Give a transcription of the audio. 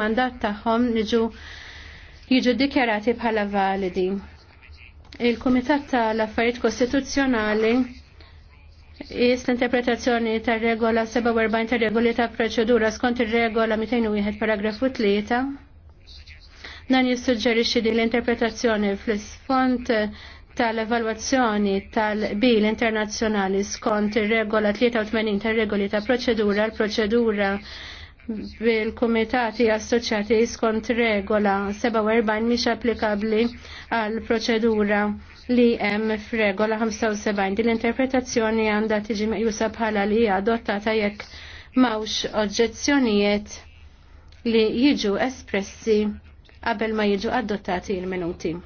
mandat tagħhom niġu jiġu dikjarati bħala validi. Il-Kumitat tal-Affarijiet Kostituzzjonali is l-interpretazzjoni tar regola 47 tar regoli ta' proċedura skont ir-regola 201 paragrafu 3. Dan jissuġġerixxi li l-interpretazzjoni fl-isfond tal-evalwazzjoni tal-bil internazzjonali skont ir-regola 83 tar regoli ta' proċedura l-proċedura bil-komitati assoċjati skont regola 47 mhix applikabbli għal proċedura li hemm f'regola 75. Din l-interpretazzjoni għandha tiġi meqjusa bħala li hija adottata jekk m'hawnx oġġezzjonijiet li jiġu espressi qabel ma jiġu adottati il-minuti.